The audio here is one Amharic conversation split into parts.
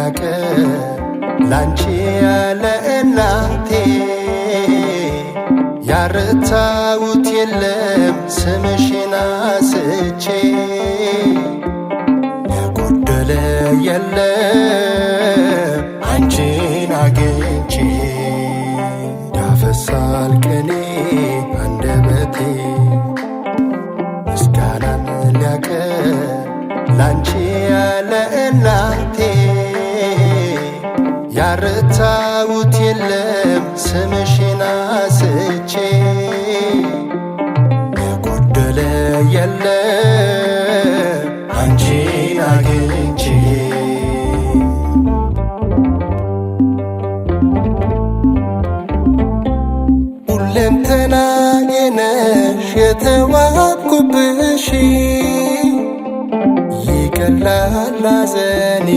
ያቀ ላንቺ ያለ እናቴ ያረታውት የለም ስምሽን አስቼ የጎደለ የለም አንቺን አግኝ ያረታውት የለም ስምሽን አስቼ የጎደለ የለም አንቺን አግኝቼ ሁለንተናዬ ነሽ የተዋብኩብሽ ይቀላል ሐዘኔ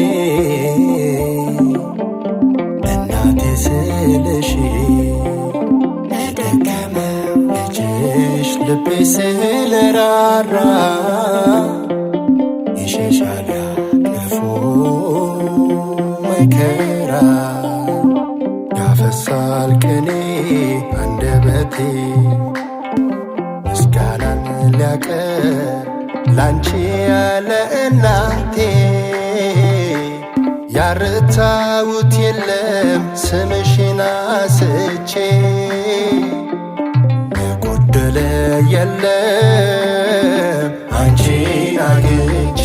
ስልሽ ለደከመው ልጅሽ ልቤ ስለራራ ይሸሻል ያለፉ መከራ ያፈሳል ቅኔ አንደበቴ ምስጋናን ሊያቀ ላንቺ ያለ እናቴ ያረታውት የለም ስምሽን አስቼ የጎደለ የለም አንቺን አግቼ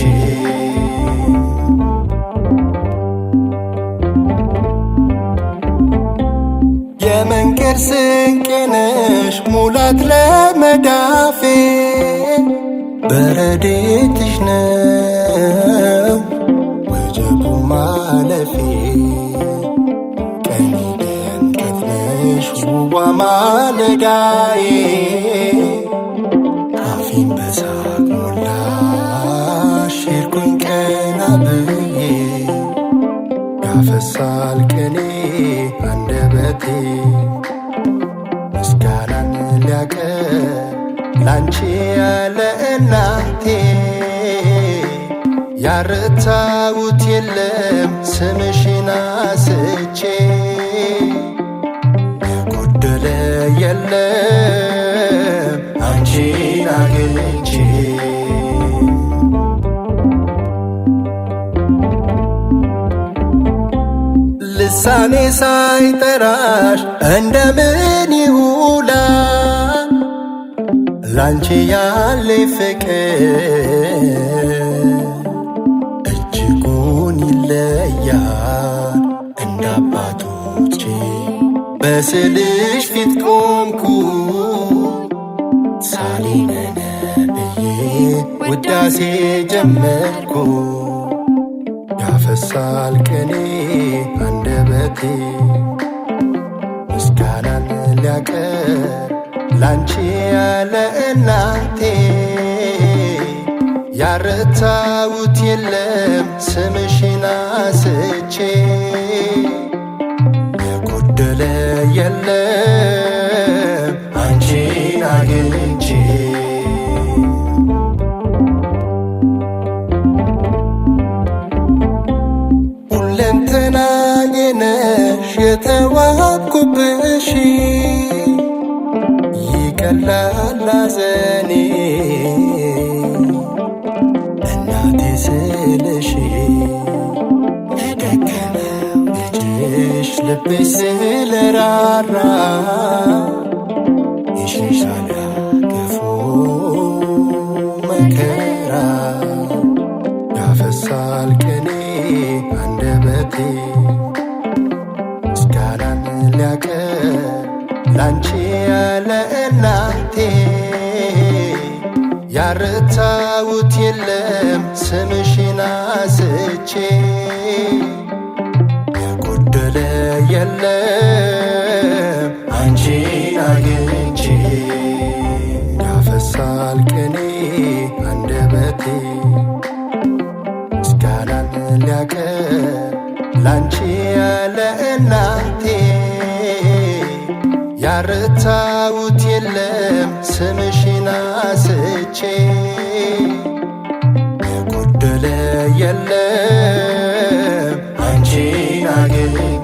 የመንገድ ስንቄ ነሽ ሙላት ለመዳፌ በረድትሽ ነሽ ማለፌ ቀኔን ከፍለሽ ውቧ ማለዳዬ አፌን በሳቅ ሞላሽ ሄድኩኝ ቀና ብዬ ያፈሳል ቅኔ አንደበቴ ምስጋናን ላንቺ ያለ እና ያረታውት የለም ስምሽን አስቼ የጎደለ የለም አንቺን አግኝቼ ልሳኔ ሳይጠራሽ እንደምን ይውላል ላንቺ ያለ ፍቅር አንቺ በስልሽ ፊት ቆምኩ ሳሊነነ ብዬ ውዳሴ ጀመርኩ ያፈሳል ቅኔ አንደበቴ ምስጋናን ሊያቀር ላንቺ ያለ እናቴ ያረታውት የለም ስምሽና ስቼ የለም አንቺን አግኝቼ ሁለንተናዬ ነሽ የተዋብኩብሽ ይቀላል ሐዘኔ እናቴ ስልሽ ስልሽ ልቤ ስለራራ ይሸሻል ክፉ መከራ ያፈሳል ቅኔ አንደበቴ ምስጋናን ሊያቀርብ ላንቺ ያለ እናቴ ያረታውት የለም ስምሽን አስቼ ያለ የለም አንቺን አግኝቼ ያፈሳል ቅኔ አንደበቴ ምስጋናን ሊያቀርብ ላንቺ ያለ እናቴ ያረታውት የለም ስምሽን አስቼ የጎደለ የለም አንቺን አግኝቼ